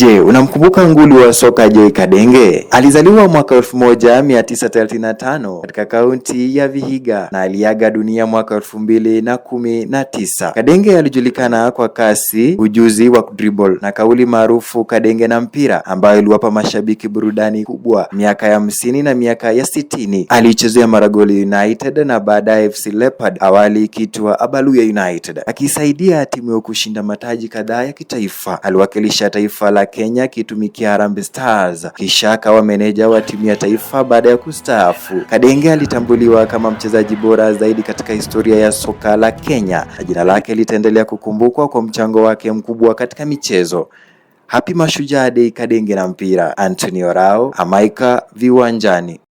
Je, unamkumbuka nguli wa soka Joy Kadenge? Alizaliwa mwaka 1935 katika kaunti ya Vihiga na aliaga dunia mwaka 2019. Kadenge alijulikana kwa kasi, ujuzi wa dribble na kauli maarufu Kadenge na mpira ambayo iliwapa mashabiki burudani kubwa miaka ya hamsini na miaka ya sitini. alichezea Maragoli United na baadaye FC Leopard, awali ikiitwa Abaluya United, akisaidia timu hiyo kushinda mataji kadhaa ya kitaifa. Aliwakilisha taifa la Kenya akitumikia Harambee Stars, kisha akawa meneja wa timu ya taifa baada ya kustaafu. Kadenge alitambuliwa kama mchezaji bora zaidi katika historia ya soka la Kenya na jina lake litaendelea kukumbukwa kwa mchango wake mkubwa katika michezo. Happy Mashujaa Day Kadenge na mpira. Antonio Rao, Amaika viwanjani.